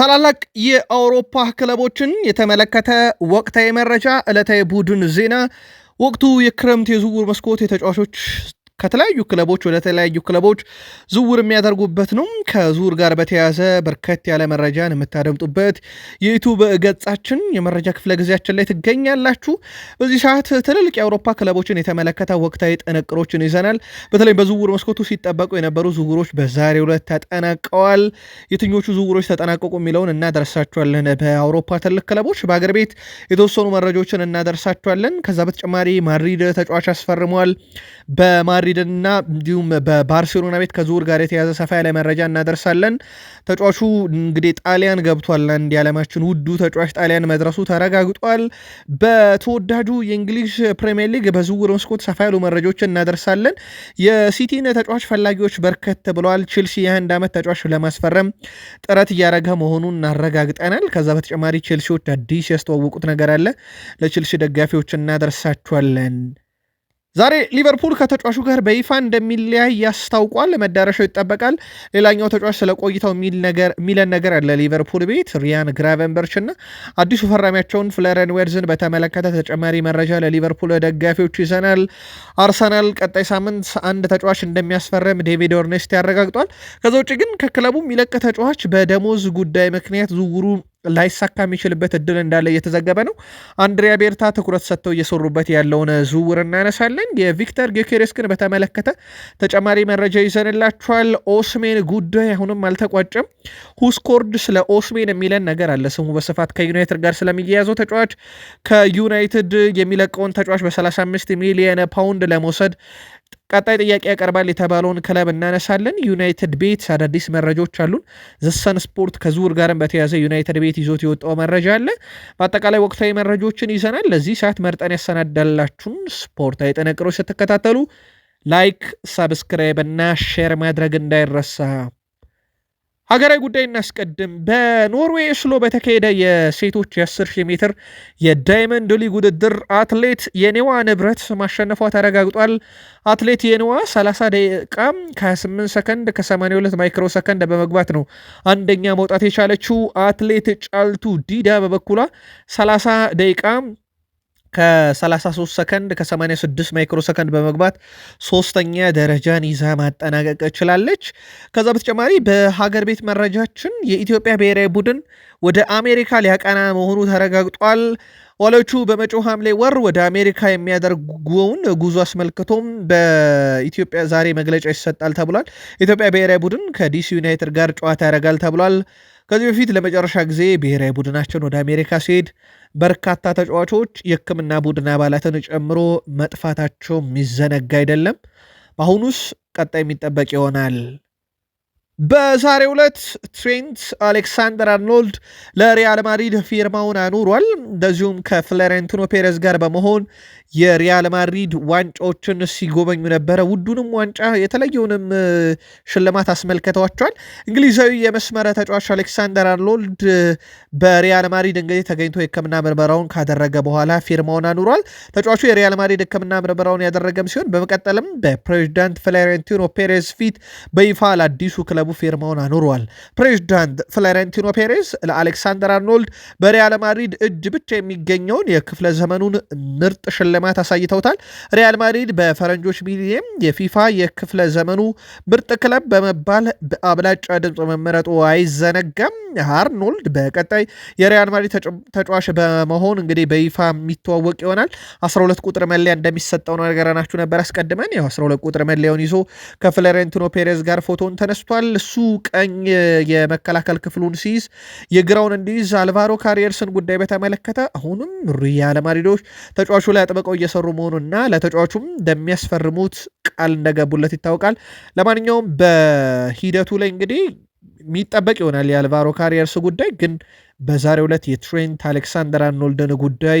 ታላላቅ የአውሮፓ ክለቦችን የተመለከተ ወቅታዊ መረጃ፣ ዕለታዊ ቡድን ዜና፣ ወቅቱ የክረምት የዝውውር መስኮት፣ የተጫዋቾች ከተለያዩ ክለቦች ወደ ተለያዩ ክለቦች ዝውውር የሚያደርጉበት ነው። ከዝውውር ጋር በተያያዘ በርከት ያለ መረጃን የምታደምጡበት የዩቱብ ገጻችን የመረጃ ክፍለ ጊዜያችን ላይ ትገኛላችሁ። በዚህ ሰዓት ትልልቅ የአውሮፓ ክለቦችን የተመለከተ ወቅታዊ ጥንቅሮችን ይዘናል። በተለይ በዝውውር መስኮቱ ሲጠበቁ የነበሩ ዝውውሮች በዛሬው ዕለት ተጠናቀዋል። የትኞቹ ዝውውሮች ተጠናቀቁ የሚለውን እናደርሳችኋለን። በአውሮፓ ትልልቅ ክለቦች፣ በአገር ቤት የተወሰኑ መረጃዎችን እናደርሳችኋለን። ከዛ በተጨማሪ ማድሪድ ተጫዋች አስፈርሟል። በማ ማድሪድና እንዲሁም በባርሴሎና ቤት ከዝውር ጋር የተያዘ ሰፋ ያለ መረጃ እናደርሳለን። ተጫዋቹ እንግዲህ ጣሊያን ገብቷል። አንድ የዓለማችን ውዱ ተጫዋች ጣሊያን መድረሱ ተረጋግጧል። በተወዳጁ የእንግሊዝ ፕሪምየር ሊግ በዝውውር መስኮት ሰፋ ያሉ መረጃዎችን እናደርሳለን። የሲቲን ተጫዋች ፈላጊዎች በርከት ብለዋል። ቼልሲ የአንድ ዓመት ተጫዋች ለማስፈረም ጥረት እያደረገ መሆኑን እናረጋግጠናል። ከዛ በተጨማሪ ቼልሲዎች አዲስ ያስተዋወቁት ነገር አለ። ለቼልሲ ደጋፊዎች እናደርሳቸዋለን። ዛሬ ሊቨርፑል ከተጫዋቹ ጋር በይፋ እንደሚለያይ ያስታውቋል። መዳረሻው ይጠበቃል። ሌላኛው ተጫዋች ስለ ቆይታው የሚለን ነገር አለ። ሊቨርፑል ቤት ሪያን ግራቨንበርች እና አዲሱ ፈራሚያቸውን ፍለረን ዌርዝን በተመለከተ ተጨማሪ መረጃ ለሊቨርፑል ደጋፊዎች ይዘናል። አርሰናል ቀጣይ ሳምንት አንድ ተጫዋች እንደሚያስፈርም ዴቪድ ኦርኔስት ያረጋግጧል። ከዛ ውጭ ግን ከክለቡ የሚለቅ ተጫዋች በደሞዝ ጉዳይ ምክንያት ዝውውሩ ላይሳካ የሚችልበት እድል እንዳለ እየተዘገበ ነው። አንድሪያ ቤርታ ትኩረት ሰጥተው እየሰሩበት ያለውን ዝውውር እናነሳለን። የቪክተር ጌኬሬስ ግን በተመለከተ ተጨማሪ መረጃ ይዘንላችኋል። ኦስሜን ጉዳይ አሁንም አልተቋጨም። ሁስኮርድ ስለ ኦስሜን የሚለን ነገር አለ። ስሙ በስፋት ከዩናይትድ ጋር ስለሚያያዘው ተጫዋች ከዩናይትድ የሚለቀውን ተጫዋች በ35 ሚሊየን ፓውንድ ለመውሰድ ቀጣይ ጥያቄ ያቀርባል የተባለውን ክለብ እናነሳለን። ዩናይትድ ቤት አዳዲስ መረጃዎች አሉን። ዘሰን ስፖርት ከዙር ጋርም በተያዘ ዩናይትድ ቤት ይዞት የወጣው መረጃ አለ። በአጠቃላይ ወቅታዊ መረጃዎችን ይዘናል። ለዚህ ሰዓት መርጠን ያሰናዳላችሁን ስፖርታዊ ጥንቅሮች ስትከታተሉ ላይክ፣ ሳብስክራይብ እና ሼር ማድረግ እንዳይረሳ። ሀገራዊ ጉዳይ እናስቀድም። በኖርዌይ እስሎ በተካሄደ የሴቶች የ10,000 ሜትር የዳይመንድ ሊግ ውድድር አትሌት የኔዋ ንብረት ማሸነፏ ተረጋግጧል። አትሌት የኔዋ 30 ደቂቃ ከ28 ሰከንድ ከ82 ማይክሮ ሰከንድ በመግባት ነው አንደኛ መውጣት የቻለችው። አትሌት ጫልቱ ዲዳ በበኩሏ 30 ደቂቃ ከ33 ሰከንድ ከ86 ማይክሮ ሰከንድ በመግባት ሶስተኛ ደረጃን ይዛ ማጠናቀቅ ችላለች። ከዛ በተጨማሪ በሀገር ቤት መረጃችን የኢትዮጵያ ብሔራዊ ቡድን ወደ አሜሪካ ሊያቀና መሆኑ ተረጋግጧል። ዋሎቹ በመጪው ሐምሌ ወር ወደ አሜሪካ የሚያደርጉውን ጉዞ አስመልክቶም በኢትዮጵያ ዛሬ መግለጫ ይሰጣል ተብሏል። ኢትዮጵያ ብሔራዊ ቡድን ከዲሲ ዩናይትድ ጋር ጨዋታ ያደርጋል ተብሏል። ከዚህ በፊት ለመጨረሻ ጊዜ ብሔራዊ ቡድናቸውን ወደ አሜሪካ ሲሄድ በርካታ ተጫዋቾች የሕክምና ቡድን አባላትን ጨምሮ መጥፋታቸው የሚዘነጋ አይደለም። በአሁኑስ ቀጣይ የሚጠበቅ ይሆናል። በዛሬው ዕለት ትሬንት አሌክሳንደር አርኖልድ ለሪያል ማድሪድ ፊርማውን አኑሯል። እንደዚሁም ከፍሎሬንቲኖ ፔሬዝ ጋር በመሆን የሪያል ማድሪድ ዋንጫዎችን ሲጎበኙ ነበረ። ውዱንም ዋንጫ የተለየውንም ሽልማት አስመልክተዋቸዋል። እንግሊዛዊ የመስመረ ተጫዋች አሌክሳንደር አርኖልድ በሪያል ማድሪድ እንግዲህ ተገኝቶ የሕክምና ምርመራውን ካደረገ በኋላ ፊርማውን አኑሯል። ተጫዋቹ የሪያል ማድሪድ ሕክምና ምርመራውን ያደረገም ሲሆን በመቀጠልም በፕሬዚዳንት ፍሎሬንቲኖ ፔሬዝ ፊት በይፋ ለአዲሱ ክለብ ክለቡ ፊርማውን አኑሯል። ፕሬዚዳንት ፍሎሬንቲኖ ፔሬዝ ለአሌክሳንደር አርኖልድ በሪያል ማድሪድ እጅ ብቻ የሚገኘውን የክፍለ ዘመኑን ምርጥ ሽልማት አሳይተውታል። ሪያል ማድሪድ በፈረንጆች ሚሊየም የፊፋ የክፍለ ዘመኑ ምርጥ ክለብ በመባል በአብላጫ ድምፅ መመረጡ አይዘነጋም። አርኖልድ በቀጣይ የሪያል ማድሪድ ተጫዋች በመሆን እንግዲህ በይፋ የሚተዋወቅ ይሆናል። 12 ቁጥር መለያ እንደሚሰጠው ነገረናችሁ ነበር አስቀድመን። ያው 12 ቁጥር መለያውን ይዞ ከፍሎሬንቲኖ ፔሬዝ ጋር ፎቶን ተነስቷል። እሱ ቀኝ የመከላከል ክፍሉን ሲይዝ የግራውን እንዲይዝ አልቫሮ ካሪየርስን ጉዳይ በተመለከተ አሁንም ሪያል ማድሪዶች ተጫዋቹ ላይ አጥብቀው እየሰሩ መሆኑና ለተጫዋቹም እንደሚያስፈርሙት ቃል እንደገቡለት ይታወቃል። ለማንኛውም በሂደቱ ላይ እንግዲህ የሚጠበቅ ይሆናል የአልቫሮ ካሪየርስ ጉዳይ ግን በዛሬው ዕለት የትሬንት አሌክሳንደር አርኖልድን ጉዳይ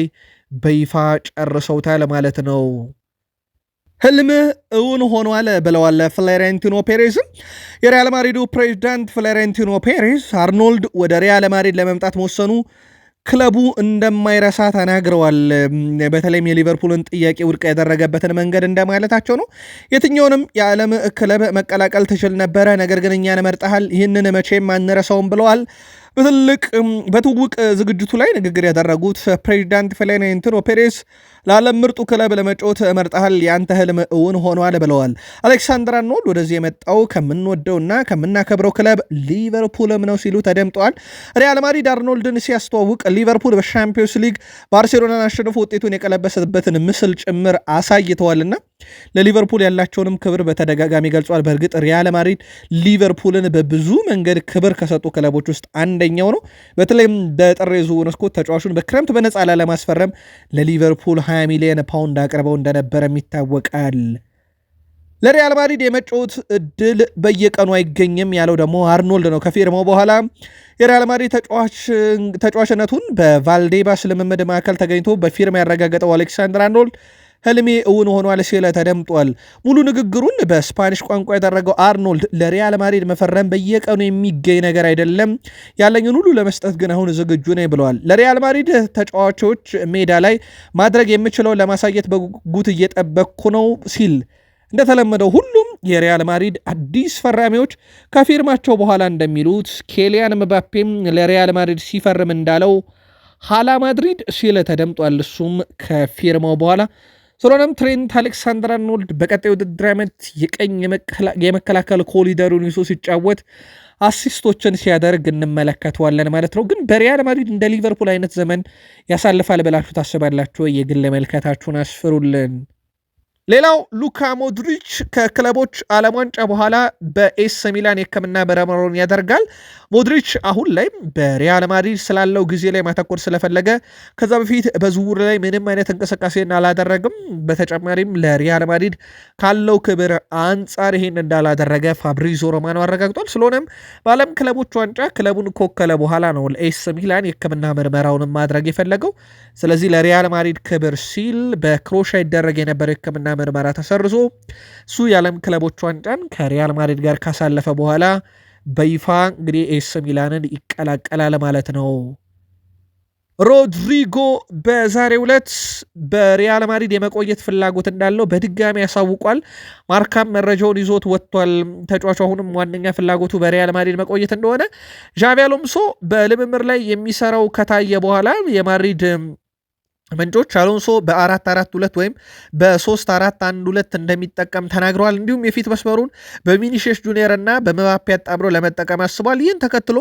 በይፋ ጨርሰውታል ማለት ነው። ህልምህ እውን ሆኗል ብለዋል ፍሎሬንቲኖ ፔሬዝም። የሪያል ማድሪዱ ፕሬዚዳንት ፍሎሬንቲኖ ፔሬዝ አርኖልድ ወደ ሪያል ማድሪድ ለመምጣት መወሰኑ ክለቡ እንደማይረሳ ተናግረዋል። በተለይም የሊቨርፑልን ጥያቄ ውድቅ ያደረገበትን መንገድ እንደማለታቸው ነው። የትኛውንም የዓለም ክለብ መቀላቀል ትችል ነበረ፣ ነገር ግን እኛን መርጠሃል፣ ይህንን መቼም አንረሳውም ብለዋል። በትልቅ በትውውቅ ዝግጅቱ ላይ ንግግር ያደረጉት ፕሬዚዳንት ፍሌናንቲኖ ፔሬስ ለዓለም ምርጡ ክለብ ለመጮት መርጠሃል፣ ያንተ ህልም እውን ሆኗል ብለዋል። አሌክሳንድር አርኖልድ ወደዚህ የመጣው ከምንወደውና ከምናከብረው ክለብ ሊቨርፑልም ነው ሲሉ ተደምጠዋል። ሪያል ማድሪድ አርኖልድን ሲያስተዋውቅ ሊቨርፑል በሻምፒዮንስ ሊግ ባርሴሎናን አሸንፎ ውጤቱን የቀለበሰበትን ምስል ጭምር አሳይተዋልና ለሊቨርፑል ያላቸውንም ክብር በተደጋጋሚ ገልጿል። በእርግጥ ሪያል ማድሪድ ሊቨርፑልን በብዙ መንገድ ክብር ከሰጡ ክለቦች ውስጥ አንድ አንደኛው ነው። በተለይም በጥር ዝውውር መስኮት ተጫዋቹን በክረምት በነፃ ላለማስፈረም ለሊቨርፑል 20 ሚሊዮን ፓውንድ አቅርበው እንደነበረም ይታወቃል። ለሪያል ማድሪድ የመጫወት እድል በየቀኑ አይገኝም ያለው ደግሞ አርኖልድ ነው። ከፊርማው በኋላ የሪያል ማድሪድ ተጫዋችነቱን በቫልዴባስ ልምምድ ማዕከል ተገኝቶ በፊርማ ያረጋገጠው አሌክሳንድር አርኖልድ ህልሜ እውን ሆኗል ሲለ ተደምጧል። ሙሉ ንግግሩን በስፓኒሽ ቋንቋ ያደረገው አርኖልድ ለሪያል ማድሪድ መፈረም በየቀኑ የሚገኝ ነገር አይደለም፣ ያለኝን ሁሉ ለመስጠት ግን አሁን ዝግጁ ነኝ ብለዋል። ለሪያል ማድሪድ ተጫዋቾች ሜዳ ላይ ማድረግ የምችለውን ለማሳየት በጉጉት እየጠበቅኩ ነው ሲል እንደተለመደው ሁሉም የሪያል ማድሪድ አዲስ ፈራሚዎች ከፊርማቸው በኋላ እንደሚሉት ኬሊያን ምባፔም ለሪያል ማድሪድ ሲፈርም እንዳለው ሃላ ማድሪድ ሲለ ተደምጧል። እሱም ከፊርማው በኋላ ስለሆነም ትሬንት አሌክሳንደር አርኖልድ በቀጣይ ውድድር ዓመት የቀኝ የመከላከል ኮሊደሩን ይዞ ሲጫወት አሲስቶችን ሲያደርግ እንመለከተዋለን ማለት ነው። ግን በሪያል ማድሪድ እንደ ሊቨርፑል አይነት ዘመን ያሳልፋል ብላችሁ ታስባላችሁ? የግል መልከታችሁን አስፍሩልን። ሌላው ሉካ ሞድሪች ከክለቦች ዓለም ዋንጫ በኋላ በኤስ ሚላን የሕክምና በረመሮን ያደርጋል። ሞድሪች አሁን ላይ በሪያል ማድሪድ ስላለው ጊዜ ላይ ማተኮር ስለፈለገ ከዛ በፊት በዝውውር ላይ ምንም አይነት እንቅስቃሴን አላደረግም። በተጨማሪም ለሪያል ማድሪድ ካለው ክብር አንጻር ይሄን እንዳላደረገ ፋብሪዞ ሮማኖ አረጋግጧል። ስለሆነም በዓለም ክለቦች ዋንጫ ክለቡን ከወከለ በኋላ ነው ለኤስ ሚላን የሕክምና ምርመራውን ማድረግ የፈለገው። ስለዚህ ለሪያል ማድሪድ ክብር ሲል በክሮሻ ይደረግ የነበረ የሕክምና ምርመራ ተሰርዞ እሱ የዓለም ክለቦች ዋንጫን ከሪያል ማድሪድ ጋር ካሳለፈ በኋላ በይፋ እንግዲህ ኤስ ሚላንን ይቀላቀላል ማለት ነው። ሮድሪጎ በዛሬው ዕለት በሪያል ማድሪድ የመቆየት ፍላጎት እንዳለው በድጋሚ ያሳውቋል። ማርካም መረጃውን ይዞት ወጥቷል። ተጫዋቹ አሁንም ዋነኛ ፍላጎቱ በሪያል ማድሪድ መቆየት እንደሆነ ዣቪ አሎንሶ በልምምር ላይ የሚሰራው ከታየ በኋላ የማድሪድ ምንጮች አሎንሶ በአራት 442 ወይም በሶስት አራት ሁለት እንደሚጠቀም ተናግረዋል። እንዲሁም የፊት መስመሩን በቪኒሲየስ ጁኒየር እና በመባፔ አጣምሮ ለመጠቀም አስቧል። ይህን ተከትሎ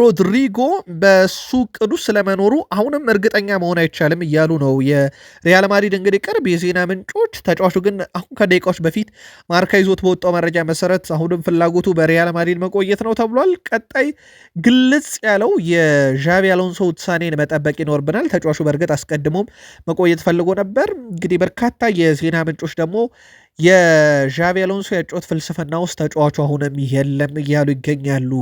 ሮድሪጎ በሱ ቅዱስ ስለመኖሩ አሁንም እርግጠኛ መሆን አይቻልም እያሉ ነው የሪያል ማድሪድ እንግዲህ ቅርብ የዜና ምንጮች። ተጫዋቹ ግን አሁን ከደቂቃዎች በፊት ማርካ ይዞት በወጣው መረጃ መሰረት አሁንም ፍላጎቱ በሪያል ማድሪድ መቆየት ነው ተብሏል። ቀጣይ ግልጽ ያለው የዣቪ አሎንሶ ውሳኔን መጠበቅ ይኖርብናል። ተጫዋቹ በእርግጥ አስቀድሞም መቆየት ፈልጎ ነበር። እንግዲህ በርካታ የዜና ምንጮች ደግሞ የዣቢ አሎንሶ የጮት ፍልስፍና ውስጥ ተጫዋቹ አሁንም የለም እያሉ ይገኛሉ።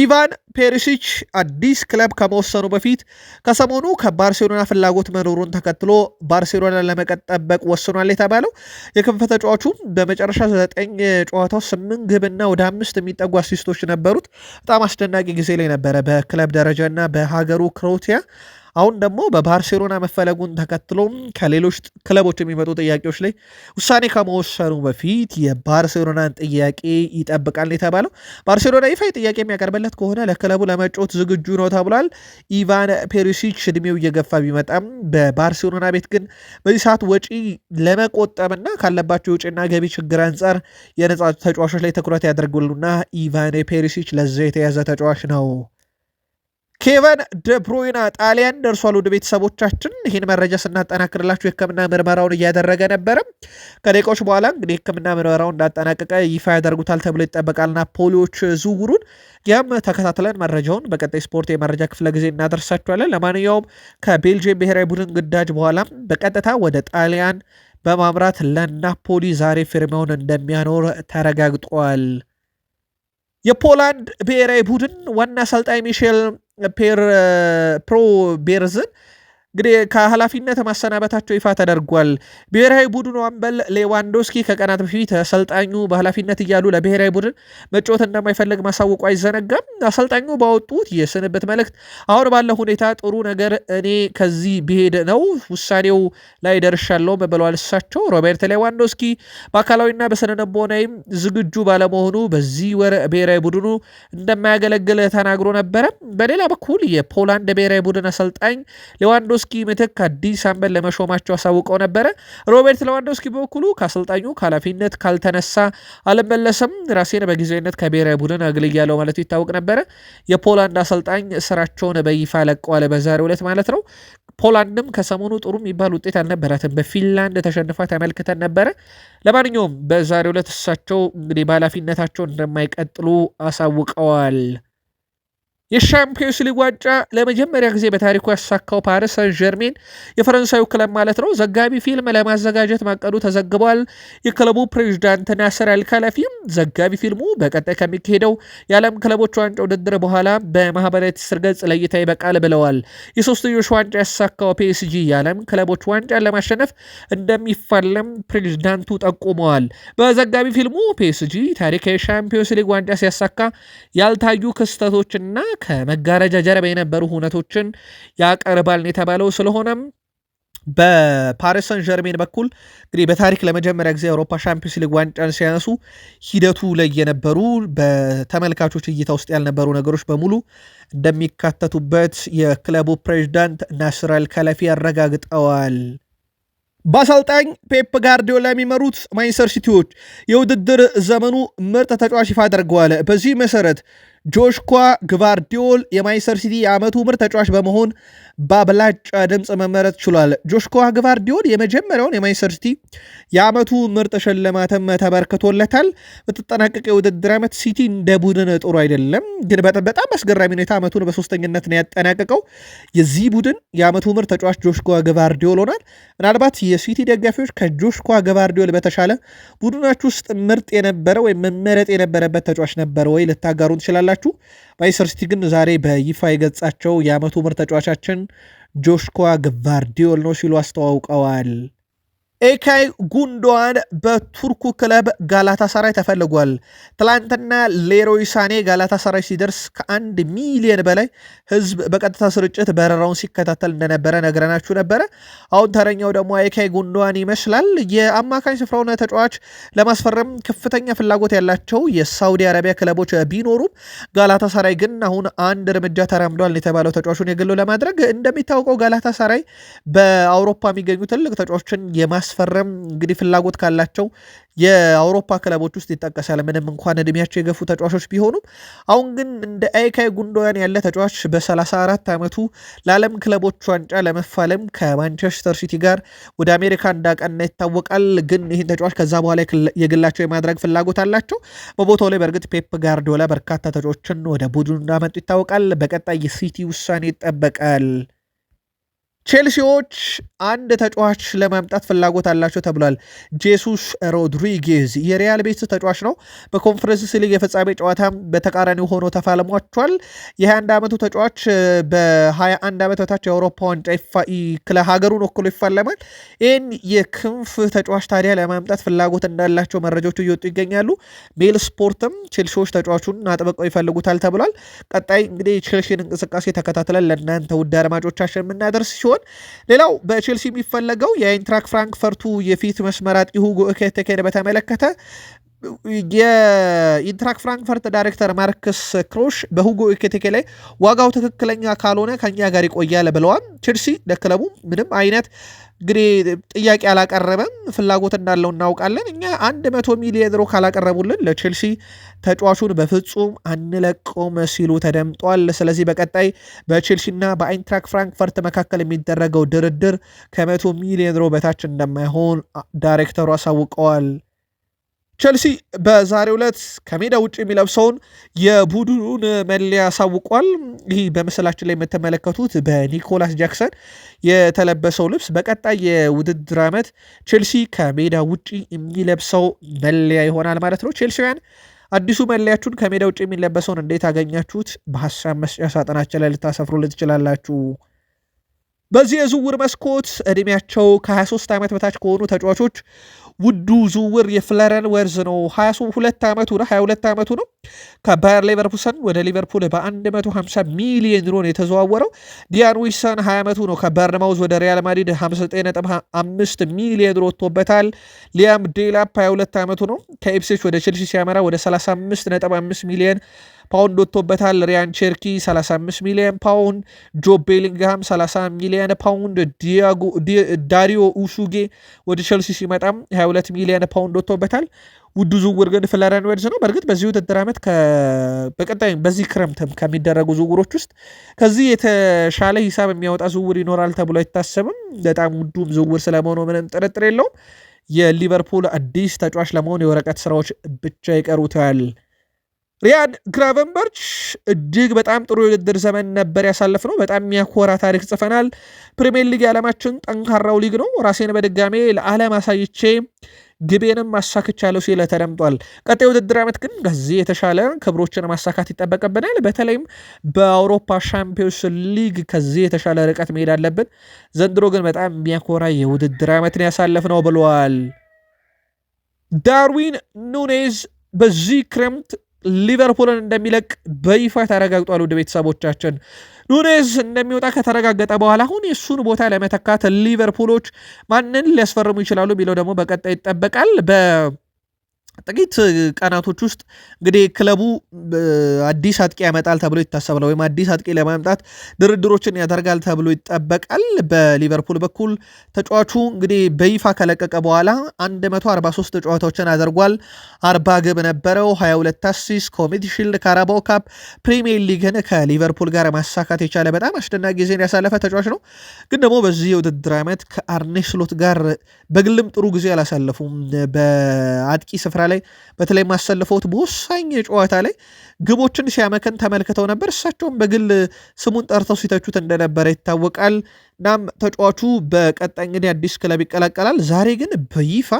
ኢቫን ፔሪሲች አዲስ ክለብ ከመወሰኑ በፊት ከሰሞኑ ከባርሴሎና ፍላጎት መኖሩን ተከትሎ ባርሴሎና ለመቀጠበቅ ወስኗል የተባለው የክንፈ ተጫዋቹም በመጨረሻ ዘጠኝ ጨዋታው ስምንት ግብና ወደ አምስት የሚጠጉ አሲስቶች ነበሩት። በጣም አስደናቂ ጊዜ ላይ ነበረ በክለብ ደረጃ እና በሀገሩ ክሮቲያ አሁን ደግሞ በባርሴሎና መፈለጉን ተከትሎም ከሌሎች ክለቦች የሚመጡ ጥያቄዎች ላይ ውሳኔ ከመወሰኑ በፊት የባርሴሎናን ጥያቄ ይጠብቃል የተባለው ባርሴሎና ይፋ ጥያቄ የሚያቀርብለት ከሆነ ለክለቡ ለመጮት ዝግጁ ነው ተብሏል። ኢቫን ፔሪሲች እድሜው እየገፋ ቢመጣም በባርሴሎና ቤት ግን በዚህ ሰዓት ወጪ ለመቆጠብና ካለባቸው የውጭና ገቢ ችግር አንጻር የነጻ ተጫዋቾች ላይ ትኩረት ያደርጉሉና ኢቫን ፔሪሲች ለዛ የተያዘ ተጫዋች ነው። ኬቨን ደብሮይና ጣሊያን ደርሷል። ወደ ቤተሰቦቻችን ይህን መረጃ ስናጠናክርላችሁ የሕክምና ምርመራውን እያደረገ ነበርም። ከደቂቃዎች በኋላ እንግዲህ ሕክምና ምርመራው እንዳጠናቀቀ ይፋ ያደርጉታል ተብሎ ይጠበቃል። ናፖሊዎች ዝውውሩን ያም ተከታትለን መረጃውን በቀጣይ ስፖርት የመረጃ ክፍለ ጊዜ እናደርሳችኋለን። ለማንኛውም ከቤልጅየም ብሔራዊ ቡድን ግዳጅ በኋላ በቀጥታ ወደ ጣሊያን በማምራት ለናፖሊ ዛሬ ፊርማውን እንደሚያኖር ተረጋግጧል። የፖላንድ ብሔራዊ ቡድን ዋና አሰልጣኝ ሚሼል ፔር ፕሮ ቤርዝን እንግዲህ ከኃላፊነት ማሰናበታቸው ይፋ ተደርጓል። ብሔራዊ ቡድኑ አምበል ሌዋንዶስኪ ከቀናት በፊት አሰልጣኙ በኃላፊነት እያሉ ለብሔራዊ ቡድን መጫወት እንደማይፈልግ ማሳወቁ አይዘነጋም። አሰልጣኙ ባወጡት የስንብት መልእክት አሁን ባለው ሁኔታ ጥሩ ነገር እኔ ከዚህ ብሄድ ነው ውሳኔው ላይ ደርሻለሁ ብለዋል። እሳቸው ሮቤርት ሌዋንዶስኪ በአካላዊና በስነልቦናዊም ዝግጁ ባለመሆኑ በዚህ ወር ብሔራዊ ቡድኑ እንደማያገለግል ተናግሮ ነበረ። በሌላ በኩል የፖላንድ ብሔራዊ ቡድን አሰልጣኝ ሌዋንዶስ ሌቫንዶስኪ ምትክ አዲስ አምበል ለመሾማቸው አሳውቀው ነበረ። ሮቤርት ሌቫንዶስኪ በበኩሉ ከአሰልጣኙ ከኃላፊነት ካልተነሳ አልመለሰም ራሴን በጊዜነት ከብሔራዊ ቡድን አግልያለው ማለቱ ይታወቅ ነበረ። የፖላንድ አሰልጣኝ ስራቸውን በይፋ ለቀዋል፣ በዛሬው ዕለት ማለት ነው። ፖላንድም ከሰሞኑ ጥሩ የሚባል ውጤት አልነበራትም። በፊንላንድ ተሸንፋ ተመልክተን ነበረ። ለማንኛውም በዛሬው ዕለት እሳቸው እንግዲህ በኃላፊነታቸው እንደማይቀጥሉ አሳውቀዋል። የሻምፒዮንስ ሊግ ዋንጫ ለመጀመሪያ ጊዜ በታሪኩ ያሳካው ፓሪስ ሰን ጀርሜን የፈረንሳዩ ክለብ ማለት ነው ዘጋቢ ፊልም ለማዘጋጀት ማቀዱ ተዘግቧል። የክለቡ ፕሬዚዳንት ናስር አልካላፊም ዘጋቢ ፊልሙ በቀጣይ ከሚካሄደው የዓለም ክለቦች ዋንጫ ውድድር በኋላ በማህበራዊ ትስስር ገጽ ለእይታ ይበቃል ብለዋል። የሶስትዮሽ ዋንጫ ያሳካው ፒኤስጂ የዓለም ክለቦች ዋንጫን ለማሸነፍ እንደሚፋለም ፕሬዚዳንቱ ጠቁመዋል። በዘጋቢ ፊልሙ ፒኤስጂ ታሪካዊ ሻምፒዮንስ ሊግ ዋንጫ ሲያሳካ ያልታዩ ክስተቶችና ከመጋረጃ ጀርባ የነበሩ ሁነቶችን ያቀርባል የተባለው ስለሆነም በፓሪሰን ጀርሜን በኩል እንግዲህ በታሪክ ለመጀመሪያ ጊዜ የአውሮፓ ሻምፒዮንስ ሊግ ዋንጫን ሲያነሱ ሂደቱ ላይ የነበሩ በተመልካቾች እይታ ውስጥ ያልነበሩ ነገሮች በሙሉ እንደሚካተቱበት የክለቡ ፕሬዚዳንት ናስር አል ከላፊ አረጋግጠዋል። በአሰልጣኝ ፔፕ ጋርዲዮላ የሚመሩት ማንቸስተር ሲቲዎች የውድድር ዘመኑ ምርጥ ተጫዋች ይፋ አድርገዋል። በዚህ መሰረት ጆሽኳ ግቫርዲዮል የማንቸስተር ሲቲ የዓመቱ ምርጥ ተጫዋች በመሆን በአብላጫ ድምፅ መመረጥ ችሏል። ጆሽኮ ግቫርዲዮል የመጀመሪያውን የማንቸስተር ሲቲ የዓመቱ ምርጥ ሽልማትም ተበርክቶለታል። በተጠናቀቀ የውድድር ዓመት ሲቲ እንደ ቡድን ጥሩ አይደለም፣ ግን በጣም አስገራሚ ሁኔታ ዓመቱን በሶስተኝነት ነው ያጠናቀቀው። የዚህ ቡድን የዓመቱ ምርጥ ተጫዋች ጆሽኮ ግቫርዲዮል ሆኗል። ምናልባት የሲቲ ደጋፊዎች ከጆሽኮ ግቫርዲዮል በተሻለ ቡድናችሁ ውስጥ ምርጥ የነበረ ወይም መመረጥ የነበረበት ተጫዋች ነበረ ወይ ልታጋሩ ትችላላችሁ። ማንቸስተር ሲቲ ግን ዛሬ በይፋ የገጻቸው የዓመቱ ምርጥ ተጫዋቻችን ጆሽኳ ግቫርዲዮል ነው ሲሉ አስተዋውቀዋል። ኤካይ ጉንዶዋን በቱርኩ ክለብ ጋላታ ሰራይ ተፈልጓል። ትላንትና ሌሮይ ሳኔ ጋላታ ሰራይ ሲደርስ ከአንድ ሚሊየን በላይ ህዝብ በቀጥታ ስርጭት በረራውን ሲከታተል እንደነበረ ነግረናችሁ ነበረ። አሁን ተረኛው ደግሞ ኤካይ ጉንዶዋን ይመስላል። የአማካኝ ስፍራውን ተጫዋች ለማስፈረም ከፍተኛ ፍላጎት ያላቸው የሳውዲ አረቢያ ክለቦች ቢኖሩም ጋላታ ሰራይ ግን አሁን አንድ እርምጃ ተራምዷል የተባለው ተጫዋቹን የግሉ ለማድረግ እንደሚታወቀው ጋላታ ሰራይ በአውሮፓ የሚገኙ ትልቅ ተጫዋቾችን የማ ለማስፈረም እንግዲህ ፍላጎት ካላቸው የአውሮፓ ክለቦች ውስጥ ይጠቀሳል። ምንም እንኳን እድሜያቸው የገፉ ተጫዋቾች ቢሆኑም አሁን ግን እንደ አይካይ ጉንዶያን ያለ ተጫዋች በ34 ዓመቱ ለዓለም ክለቦች ዋንጫ ለመፋለም ከማንቸስተር ሲቲ ጋር ወደ አሜሪካ እንዳቀና ይታወቃል። ግን ይህን ተጫዋች ከዛ በኋላ የግላቸው የማድረግ ፍላጎት አላቸው። በቦታው ላይ በእርግጥ ፔፕ ጋርዲዮላ በርካታ ተጫዋቾችን ወደ ቡድኑ እንዳመጡ ይታወቃል። በቀጣይ የሲቲ ውሳኔ ይጠበቃል። ቼልሲዎች አንድ ተጫዋች ለማምጣት ፍላጎት አላቸው ተብሏል። ጄሱስ ሮድሪጌዝ የሪያል ቤት ተጫዋች ነው። በኮንፈረንስ ሊግ የፍጻሜ ጨዋታም በተቃራኒ ሆኖ ተፋልሟቸዋል። የ21 ዓመቱ ተጫዋች በ21 ዓመት በታች የአውሮፓ ዋንጫ ሀገሩን ወክሎ ይፋለማል። ይህን የክንፍ ተጫዋች ታዲያ ለማምጣት ፍላጎት እንዳላቸው መረጃዎቹ እየወጡ ይገኛሉ። ሜል ስፖርትም ቼልሲዎች ተጫዋቹን አጥብቀው ይፈልጉታል ተብሏል። ቀጣይ እንግዲህ ቼልሲን እንቅስቃሴ ተከታትለን ለእናንተ ውድ አድማጮቻችን የምናደርስ ሲሆን ሲሆን ሌላው በቼልሲ የሚፈለገው የአይንትራክ ፍራንክፈርቱ የፊት መስመር አጥቂ ሁጎ ኤኪቲኬን በተመለከተ የኢንትራክ ፍራንክፈርት ዳይሬክተር ማርክስ ክሮሽ በሁጎ ኢኬቴኬ ላይ ዋጋው ትክክለኛ ካልሆነ ከኛ ጋር ይቆያል ብለዋል። ቼልሲ ለክለቡ ምንም አይነት እንግዲህ ጥያቄ አላቀረበም። ፍላጎት እንዳለው እናውቃለን። እኛ አንድ መቶ ሚሊዮን ዩሮ ካላቀረቡልን ለቼልሲ ተጫዋቹን በፍጹም አንለቀውም ሲሉ ተደምጧል። ስለዚህ በቀጣይ በቼልሲና በአይንትራክ ፍራንክፈርት መካከል የሚደረገው ድርድር ከመቶ ሚሊዮን ዩሮ በታች እንደማይሆን ዳይሬክተሩ አሳውቀዋል። ቸልሲ በዛሬው ዕለት ከሜዳ ውጭ የሚለብሰውን የቡድኑን መለያ ያሳውቋል። ይህ በምስላችን ላይ የምትመለከቱት በኒኮላስ ጃክሰን የተለበሰው ልብስ በቀጣይ የውድድር ዓመት ቸልሲ ከሜዳ ውጭ የሚለብሰው መለያ ይሆናል ማለት ነው። ቸልሲውያን አዲሱ መለያችሁን ከሜዳ ውጭ የሚለበሰውን እንዴት አገኛችሁት? በሀሳብ መስጫ ሳጥናችን ላይ ልታሰፍሩልን ትችላላችሁ። በዚህ የዝውውር መስኮት እድሜያቸው ከ23 ዓመት በታች ከሆኑ ተጫዋቾች ውዱ ዝውውር የፍለረን ወርዝ ነው። 22 ዓመቱ ነው 22 ዓመቱ ነው። ከባየር ሌቨርኩሰን ወደ ሊቨርፑል በ150 ሚሊዮን ዩሮ የተዘዋወረው። ዲያን ዊሰን 20 ዓመቱ ነው። ከበርንማውዝ ወደ ሪያል ማድሪድ 59.5 ሚሊዮን ዩሮ ወጥቶበታል። ሊያም ዴላፕ 22 ዓመቱ ነው። ከኤፕሴች ወደ ቼልሲ ሲያመራ ወደ 35.5 ሚሊዮን ፓውንድ ወጥቶበታል። ሪያን ቸርኪ 35 ሚሊዮን ፓውንድ፣ ጆ ቤሊንግሃም 30 ሚሊዮን ፓውንድ፣ ዳሪዮ ኡሱጌ ወደ ቸልሲ ሲመጣም 22 ሚሊዮን ፓውንድ ወጥቶበታል። ውዱ ዝውውር ግን ፍለረን ዌድዝ ነው። በእርግጥ በዚህ ውድድር ዓመት በቀጣይ በዚህ ክረምትም ከሚደረጉ ዝውውሮች ውስጥ ከዚህ የተሻለ ሂሳብ የሚያወጣ ዝውውር ይኖራል ተብሎ አይታሰብም። በጣም ውዱም ዝውውር ስለመሆኑ ምንም ጥርጥር የለውም። የሊቨርፑል አዲስ ተጫዋች ለመሆን የወረቀት ስራዎች ብቻ ይቀሩታል። ሪያድ ግራቨንበርች እጅግ በጣም ጥሩ የውድድር ዘመን ነበር ያሳለፍ ነው። በጣም የሚያኮራ ታሪክ ጽፈናል። ፕሪሚየር ሊግ የዓለማችን ጠንካራው ሊግ ነው። ራሴን በድጋሜ ለዓለም አሳይቼ ግቤንም ማሳክቻለሁ ሲለ ተደምጧል። ቀጣይ ውድድር ዓመት ግን ከዚህ የተሻለ ክብሮችን ማሳካት ይጠበቅብናል። በተለይም በአውሮፓ ሻምፒዮንስ ሊግ ከዚህ የተሻለ ርቀት መሄድ አለብን። ዘንድሮ ግን በጣም የሚያኮራ የውድድር ዓመትን ያሳለፍ ነው ብለዋል። ዳርዊን ኑኔዝ በዚህ ክረምት ሊቨርፑልን እንደሚለቅ በይፋ ተረጋግጧል። ውድ ቤተሰቦቻችን ኑኔዝ እንደሚወጣ ከተረጋገጠ በኋላ አሁን የእሱን ቦታ ለመተካት ሊቨርፑሎች ማንን ሊያስፈርሙ ይችላሉ የሚለው ደግሞ በቀጣይ ይጠበቃል። ጥቂት ቀናቶች ውስጥ እንግዲህ ክለቡ አዲስ አጥቂ ያመጣል ተብሎ ይታሰባል፣ ወይም አዲስ አጥቂ ለማምጣት ድርድሮችን ያደርጋል ተብሎ ይጠበቃል። በሊቨርፑል በኩል ተጫዋቹ እንግዲህ በይፋ ከለቀቀ በኋላ 143 ጨዋታዎችን አድርጓል። 40 ግብ ነበረው፣ 22 አሲስ፣ ኮሚቲ ሺልድ፣ ካራባው ካፕ፣ ፕሪሚየር ሊግን ከሊቨርፑል ጋር ማሳካት የቻለ በጣም አስደናቂ ጊዜን ያሳለፈ ተጫዋች ነው። ግን ደግሞ በዚህ የውድድር ዓመት ከአርኔ ስሎት ጋር በግልም ጥሩ ጊዜ አላሳለፉም በአጥቂ ስፍራ ላይ በተለይ ማሰልፈውት በወሳኝ ጨዋታ ላይ ግቦችን ሲያመክን ተመልክተው ነበር። እሳቸውም በግል ስሙን ጠርተው ሲተቹት እንደነበረ ይታወቃል። እናም ተጫዋቹ በቀጣይ እንግዲህ አዲስ ክለብ ይቀላቀላል። ዛሬ ግን በይፋ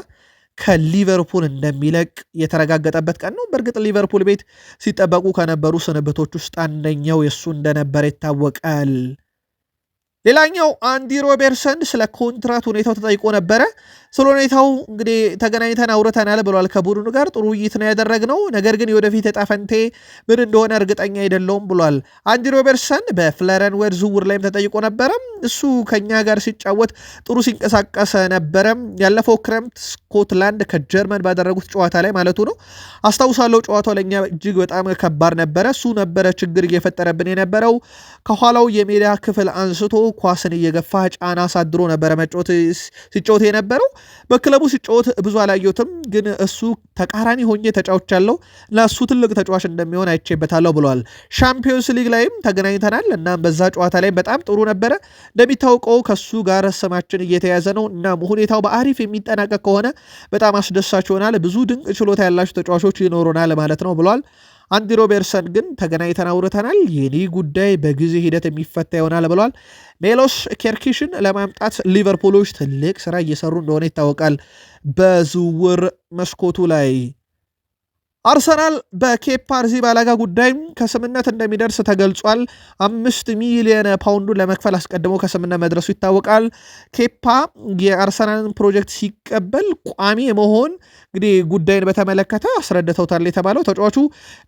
ከሊቨርፑል እንደሚለቅ የተረጋገጠበት ቀን ነው። በእርግጥ ሊቨርፑል ቤት ሲጠበቁ ከነበሩ ስንብቶች ውስጥ አንደኛው የእሱ እንደነበረ ይታወቃል። ሌላኛው አንዲ ሮቤርሰን ስለ ኮንትራት ሁኔታው ተጠይቆ ነበረ። ስለ ሁኔታው እንግዲህ ተገናኝተን አውርተናል ብሏል። ከቡድኑ ጋር ጥሩ ውይይት ነው ያደረግነው፣ ነገር ግን የወደፊት ዕጣ ምን እንደሆነ እርግጠኛ አይደለውም ብሏል። አንዲ ሮበርትሰን በፍለረን ወድ ዝውውር ላይም ተጠይቆ ነበረ። እሱ ከኛ ጋር ሲጫወት ጥሩ ሲንቀሳቀሰ ነበረም ያለፈው ክረምት ስኮትላንድ ከጀርመን ባደረጉት ጨዋታ ላይ ማለቱ ነው አስታውሳለሁ። ጨዋታው ለእኛ እጅግ በጣም ከባድ ነበረ። እሱ ነበረ ችግር እየፈጠረብን የነበረው። ከኋላው የሜዳ ክፍል አንስቶ ኳስን እየገፋ ጫና አሳድሮ ነበረ መጫወት ሲጫወት የነበረው በክለቡ ሲጫወት ብዙ አላየሁትም፣ ግን እሱ ተቃራኒ ሆኜ ተጫዎች ያለው ለሱ ትልቅ ተጫዋች እንደሚሆን አይቼበታለሁ ብለዋል። ሻምፒዮንስ ሊግ ላይም ተገናኝተናል። እናም በዛ ጨዋታ ላይ በጣም ጥሩ ነበረ። እንደሚታወቀው ከሱ ጋር ስማችን እየተያዘ ነው። እናም ሁኔታው በአሪፍ የሚጠናቀቅ ከሆነ በጣም አስደሳች ይሆናል። ብዙ ድንቅ ችሎታ ያላቸው ተጫዋቾች ይኖሩናል ማለት ነው ብለዋል። አንዲ ሮቤርሰን ግን ተገናኝተን አውርተናል። የኔ ጉዳይ በጊዜ ሂደት የሚፈታ ይሆናል ብለዋል። ሜሎስ ኬርኪሽን ለማምጣት ሊቨርፑሎች ትልቅ ስራ እየሰሩ እንደሆነ ይታወቃል። በዝውውር መስኮቱ ላይ አርሰናል በኬፓ አሪዛባላጋ ጉዳይም ከስምነት እንደሚደርስ ተገልጿል። አምስት ሚሊየን ፓውንዱን ለመክፈል አስቀድሞ ከስምነት መድረሱ ይታወቃል። ኬፓ የአርሰናልን ፕሮጀክት ሲቀበል ቋሚ መሆን እንግዲህ ጉዳይን በተመለከተ አስረድተውታል የተባለው ተጫዋቹ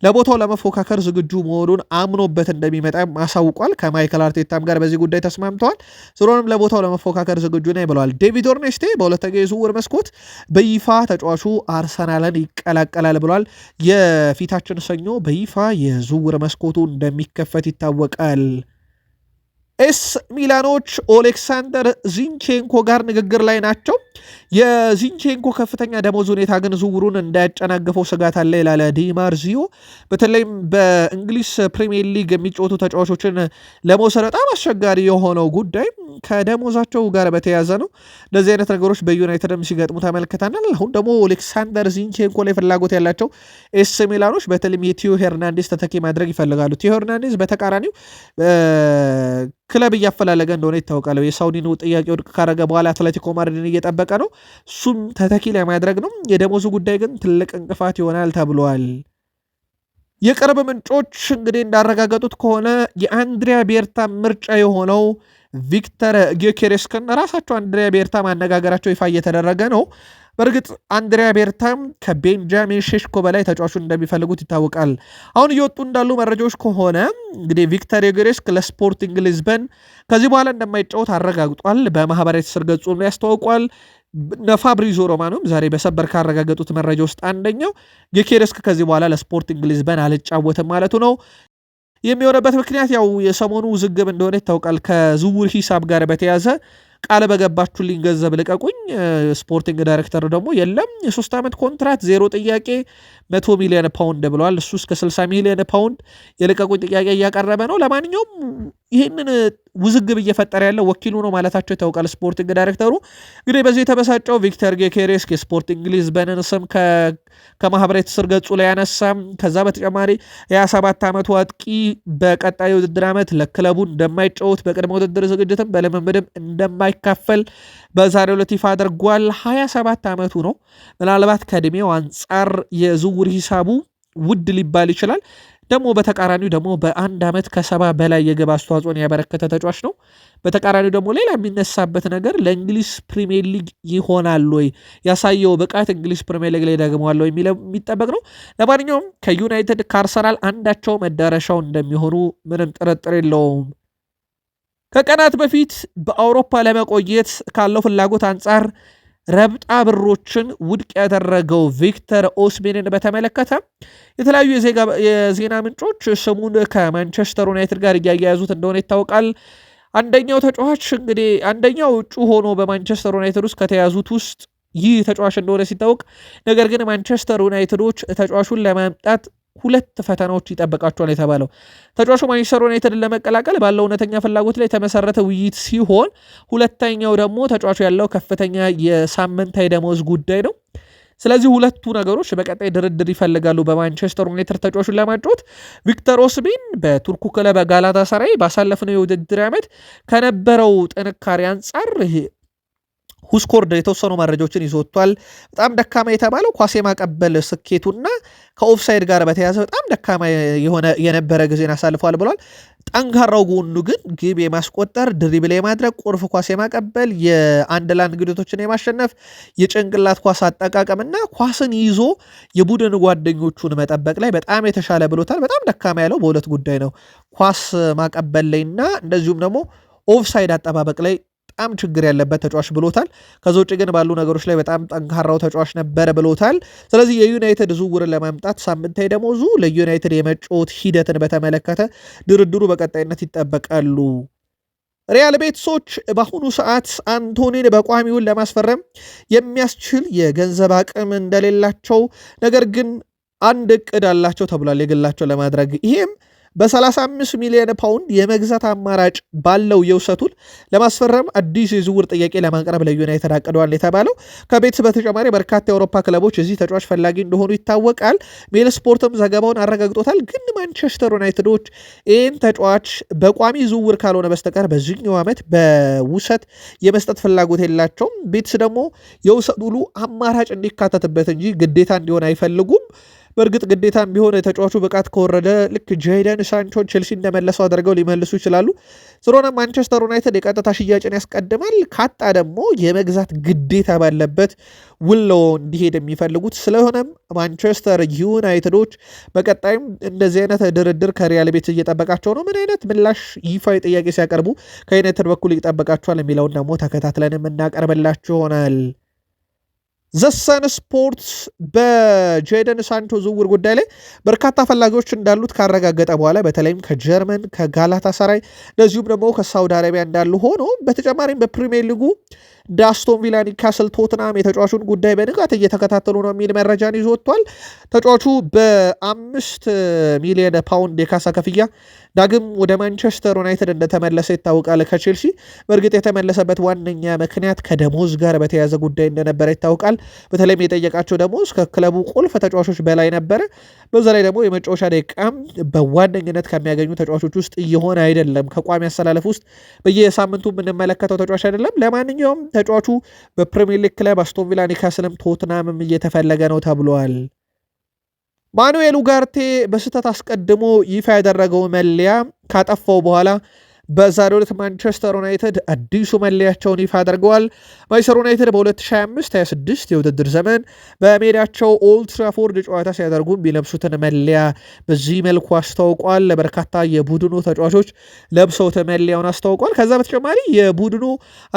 ለቦታው ለመፎካከር ዝግጁ መሆኑን አምኖበት እንደሚመጣ አሳውቋል። ከማይክል አርቴታም ጋር በዚህ ጉዳይ ተስማምተዋል። ስለሆነም ለቦታው ለመፎካከር ዝግጁ ነኝ ብለዋል። ዴቪድ ኦርኔስቴ በሁለተኛ የዝውውር መስኮት በይፋ ተጫዋቹ አርሰናልን ይቀላቀላል ብሏል። የፊታችን ሰኞ በይፋ የዝውውር መስኮቱ እንደሚከፈት ይታወቃል። ኤስ ሚላኖች ኦሌክሳንደር ዚንቼንኮ ጋር ንግግር ላይ ናቸው። የዚንቼንኮ ከፍተኛ ደሞዝ ሁኔታ ግን ዝውውሩን እንዳያጨናገፈው ስጋት አለ ይላለ ዲማርዚዮ። በተለይም በእንግሊዝ ፕሪሚየር ሊግ የሚጫወቱ ተጫዋቾችን ለመውሰድ በጣም አስቸጋሪ የሆነው ጉዳይ ከደሞዛቸው ጋር በተያያዘ ነው። እንደዚህ አይነት ነገሮች በዩናይትድም ሲገጥሙ ተመልክተናል። አሁን ደግሞ ኦሌክሳንደር ዚንቼንኮ ላይ ፍላጎት ያላቸው ኤስ ሚላኖች በተለይም የቲዮ ሄርናንዴዝ ተተኪ ማድረግ ይፈልጋሉ። ቲዮ ሄርናንዴዝ በተቃራኒው ክለብ እያፈላለገ እንደሆነ ይታወቃል። የሳውዲን ጥያቄ ውድቅ ካረገ በኋላ አትሌቲኮ ማድሪድን እየጠበቀ ነው። እሱም ተተኪ ለማድረግ ነው። የደሞዙ ጉዳይ ግን ትልቅ እንቅፋት ይሆናል ተብሏል። የቅርብ ምንጮች እንግዲህ እንዳረጋገጡት ከሆነ የአንድሪያ ቤርታ ምርጫ የሆነው ቪክተር ጊዮኬሬስክን ራሳቸው አንድሪያ ቤርታ ማነጋገራቸው ይፋ እየተደረገ ነው። በእርግጥ አንድሪያ ቤርታም ከቤንጃሚን ሼሽኮ በላይ ተጫዋቹን እንደሚፈልጉት ይታወቃል። አሁን እየወጡ እንዳሉ መረጃዎች ከሆነ እንግዲህ ቪክተር ዮጌሬስክ ለስፖርቲንግ ሊዝበን ከዚህ በኋላ እንደማይጫወት አረጋግጧል። በማህበራዊ ትስስር ገጹ ያስተዋውቋል። ነፋብሪዞ ሮማኖም ዛሬ በሰበር ካረጋገጡት መረጃ ውስጥ አንደኛው ዮጌሬስክ ከዚህ በኋላ ለስፖርቲንግ ሊዝበን አልጫወትም ማለቱ ነው። የሚሆነበት ምክንያት ያው የሰሞኑ ውዝግብ እንደሆነ ይታወቃል። ከዝውውር ሂሳብ ጋር በተያዘ ቃል በገባችሁ ገንዘብ ልቀቁኝ። ስፖርቲንግ ዳይሬክተር ደግሞ የለም የሶስት ዓመት ኮንትራት ዜሮ ጥያቄ መቶ ሚሊዮን ፓውንድ ብለዋል። እሱ እስከ 60 ሚሊዮን ፓውንድ የልቀቁኝ ጥያቄ እያቀረበ ነው። ለማንኛውም ይህንን ውዝግብ እየፈጠረ ያለው ወኪሉ ነው ማለታቸው ይታወቃል። ስፖርቲንግ ዳይሬክተሩ እንግዲህ በዚህ የተበሳጨው ቪክተር ጌኬሬስ የስፖርቲንግ ሊዝበንን ስም ከማህበራዊ ትስስር ገጹ ላይ ያነሳም። ከዛ በተጨማሪ የ27 ዓመቱ አጥቂ በቀጣይ ውድድር ዓመት ለክለቡ እንደማይጫወት በቅድመ ውድድር ዝግጅትም በልምምድም እንደማይካፈል በዛሬው ዕለት ይፋ አድርጓል። 27 ዓመቱ ነው። ምናልባት ከእድሜው አንጻር የዝውውር ሂሳቡ ውድ ሊባል ይችላል። ደግሞ በተቃራኒው ደግሞ በአንድ ዓመት ከሰባ በላይ የግብ አስተዋጽኦን ያበረከተ ተጫዋች ነው። በተቃራኒው ደግሞ ሌላ የሚነሳበት ነገር ለእንግሊዝ ፕሪሚየር ሊግ ይሆናል ወይ ያሳየው ብቃት እንግሊዝ ፕሪሚየር ሊግ ላይ ደግመዋል ወይ የሚለው የሚጠበቅ ነው። ለማንኛውም ከዩናይትድ ከአርሰናል አንዳቸው መዳረሻው እንደሚሆኑ ምንም ጥርጥር የለውም። ከቀናት በፊት በአውሮፓ ለመቆየት ካለው ፍላጎት አንጻር ረብጣ ብሮችን ውድቅ ያደረገው ቪክተር ኦስሜንን በተመለከተ የተለያዩ የዜና ምንጮች ስሙን ከማንቸስተር ዩናይትድ ጋር እያያያዙት እንደሆነ ይታወቃል። አንደኛው ተጫዋች እንግዲህ አንደኛው እጩ ሆኖ በማንቸስተር ዩናይትድ ውስጥ ከተያዙት ውስጥ ይህ ተጫዋች እንደሆነ ሲታወቅ፣ ነገር ግን ማንቸስተር ዩናይትዶች ተጫዋቹን ለማምጣት ሁለት ፈተናዎች ይጠበቃቸዋል የተባለው ተጫዋቹ ማንቸስተር ዩናይትድን ለመቀላቀል ባለው እውነተኛ ፍላጎት ላይ የተመሰረተ ውይይት ሲሆን፣ ሁለተኛው ደግሞ ተጫዋቹ ያለው ከፍተኛ የሳምንታዊ ደመወዝ ጉዳይ ነው። ስለዚህ ሁለቱ ነገሮች በቀጣይ ድርድር ይፈልጋሉ። በማንቸስተር ዩናይትድ ተጫዋቹን ለማጫወት ቪክተር ኦስሚን በቱርኩ ክለብ ጋላታ ሰራይ ባሳለፍነው የውድድር ዓመት ከነበረው ጥንካሬ አንጻር ሁስኮርድ የተወሰኑ መረጃዎችን ይዞ ወጥቷል። በጣም ደካማ የተባለው ኳስ የማቀበል ስኬቱና ከኦፍሳይድ ጋር በተያያዘ በጣም ደካማ የሆነ የነበረ ጊዜን አሳልፏል ብሏል። ጠንካራው ጎኑ ግን ግብ የማስቆጠር ድሪብል የማድረግ ቁርፍ ኳስ የማቀበል የአንድ ለአንድ ግዴቶችን የማሸነፍ የጭንቅላት ኳስ አጠቃቀምና ኳስን ይዞ የቡድን ጓደኞቹን መጠበቅ ላይ በጣም የተሻለ ብሎታል። በጣም ደካማ ያለው በሁለት ጉዳይ ነው፣ ኳስ ማቀበል ላይና እንደዚሁም ደግሞ ኦፍሳይድ አጠባበቅ ላይ በጣም ችግር ያለበት ተጫዋች ብሎታል። ከዚ ውጭ ግን ባሉ ነገሮች ላይ በጣም ጠንካራው ተጫዋች ነበረ ብሎታል። ስለዚህ የዩናይትድ ዝውውርን ለማምጣት ሳምንታዊ ደሞዙ ለዩናይትድ የመጫወት ሂደትን በተመለከተ ድርድሩ በቀጣይነት ይጠበቃሉ። ሪያል ቤትሶች በአሁኑ ሰዓት አንቶኒን በቋሚውን ለማስፈረም የሚያስችል የገንዘብ አቅም እንደሌላቸው ነገር ግን አንድ እቅድ አላቸው ተብሏል የግላቸው ለማድረግ ይሄም በ35 ሚሊዮን ፓውንድ የመግዛት አማራጭ ባለው የውሰቱን ለማስፈረም አዲስ የዝውውር ጥያቄ ለማቅረብ ለዩናይትድ አቅደዋል የተባለው ከቤትስ በተጨማሪ በርካታ የአውሮፓ ክለቦች እዚህ ተጫዋች ፈላጊ እንደሆኑ ይታወቃል። ሜል ስፖርትም ዘገባውን አረጋግጦታል። ግን ማንቸስተር ዩናይትዶች ይህን ተጫዋች በቋሚ ዝውውር ካልሆነ በስተቀር በዚህኛው ዓመት በውሰት የመስጠት ፍላጎት የላቸውም። ቤትስ ደግሞ የውሰት ውሉ አማራጭ እንዲካተትበት እንጂ ግዴታ እንዲሆን አይፈልጉም። በእርግጥ ግዴታም ቢሆን ተጫዋቹ ብቃት ከወረደ ልክ ጄደን ሳንቾ ቼልሲ እንደመለሰው አድርገው ሊመልሱ ይችላሉ። ስለሆነ ማንቸስተር ዩናይትድ የቀጥታ ሽያጭን ያስቀድማል። ካጣ ደግሞ የመግዛት ግዴታ ባለበት ውሎ እንዲሄድ የሚፈልጉት ስለሆነም ማንቸስተር ዩናይትዶች በቀጣይም እንደዚህ አይነት ድርድር ከሪያል ቤት እየጠበቃቸው ነው። ምን አይነት ምላሽ ይፋዊ ጥያቄ ሲያቀርቡ ከዩናይትድ በኩል ይጠበቃቸዋል የሚለውን ደግሞ ተከታትለን የምናቀርብላችሁ ይሆናል። ዘሰን ስፖርት በጄደን ሳንቾ ዝውውር ጉዳይ ላይ በርካታ ፈላጊዎች እንዳሉት ካረጋገጠ በኋላ በተለይም ከጀርመን ከጋላታ ሰራይ እንደዚሁም ደግሞ ከሳውዲ አረቢያ እንዳሉ ሆኖ በተጨማሪም በፕሪሚየር ሊጉ ዳስቶን ቪላ፣ ኒካስል፣ ቶትናም የተጫዋቹን ጉዳይ በንቃት እየተከታተሉ ነው የሚል መረጃን ይዞ ወጥቷል። ተጫዋቹ በአምስት ሚሊዮን ፓውንድ የካሳ ክፍያ ዳግም ወደ ማንቸስተር ዩናይትድ እንደተመለሰ ይታወቃል ከቼልሲ። በእርግጥ የተመለሰበት ዋነኛ ምክንያት ከደሞዝ ጋር በተያያዘ ጉዳይ እንደነበረ ይታወቃል። በተለይም የጠየቃቸው ደሞዝ ከክለቡ ቁልፍ ተጫዋቾች በላይ ነበረ። በዛ ላይ ደግሞ የመጫወቻ ደቂቃም በዋነኝነት ከሚያገኙ ተጫዋቾች ውስጥ እየሆነ አይደለም። ከቋሚ አሰላለፍ ውስጥ በየሳምንቱ የምንመለከተው ተጫዋች አይደለም። ለማንኛውም ተጫዋቹ በፕሪሚየር ሊግ ክለብ አስቶን ቪላ፣ ኒካስልም ቶትናምም እየተፈለገ ነው ተብሏል። ማኑኤል ኡጋርቴ በስህተት አስቀድሞ ይፋ ያደረገው መለያ ካጠፋው በኋላ በዛሬው ዕለት ማንቸስተር ዩናይትድ አዲሱ መለያቸውን ይፋ አድርገዋል። ማንቸስተር ዩናይትድ በ2025/26 የውድድር ዘመን በሜዳቸው ኦልትራፎርድ ጨዋታ ሲያደርጉ የሚለብሱትን መለያ በዚህ መልኩ አስታውቋል። ለበርካታ የቡድኑ ተጫዋቾች ለብሰውት መለያውን አስታውቋል። ከዛ በተጨማሪ የቡድኑ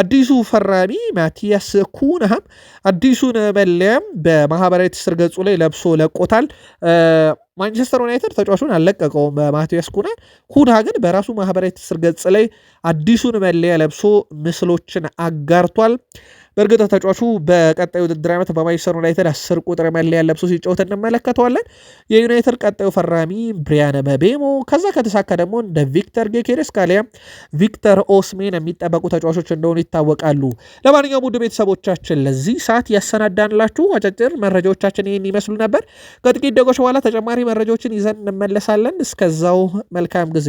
አዲሱ ፈራሚ ማቲያስ ኩንሃም አዲሱን መለያም በማህበራዊ ትስስር ገጹ ላይ ለብሶ ለቆታል። ማንቸስተር ዩናይትድ ተጫዋቹን አልለቀቀውም። በማቴዎስ ኩና ኩና ግን በራሱ ማህበራዊ ትስስር ገጽ ላይ አዲሱን መለያ ለብሶ ምስሎችን አጋርቷል። በእርግጥ ተጫዋቹ በቀጣይ ውድድር ዓመት በማንቸስተር ዩናይትድ አስር ቁጥር መለያ ለብሶ ሲጫወት እንመለከተዋለን። የዩናይትድ ቀጣዩ ፈራሚ ብሪያነ መቤሞ፣ ከዛ ከተሳካ ደግሞ እንደ ቪክተር ጌኬሬስ ካሊያ ቪክተር ኦስሜን የሚጠበቁ ተጫዋቾች እንደሆኑ ይታወቃሉ። ለማንኛውም ውድ ቤተሰቦቻችን ለዚህ ሰዓት ያሰናዳንላችሁ አጫጭር መረጃዎቻችን ይህን ይመስሉ ነበር። ከጥቂት ደጎች በኋላ ተጨማሪ መረጃዎችን ይዘን እንመለሳለን። እስከዛው መልካም ጊዜ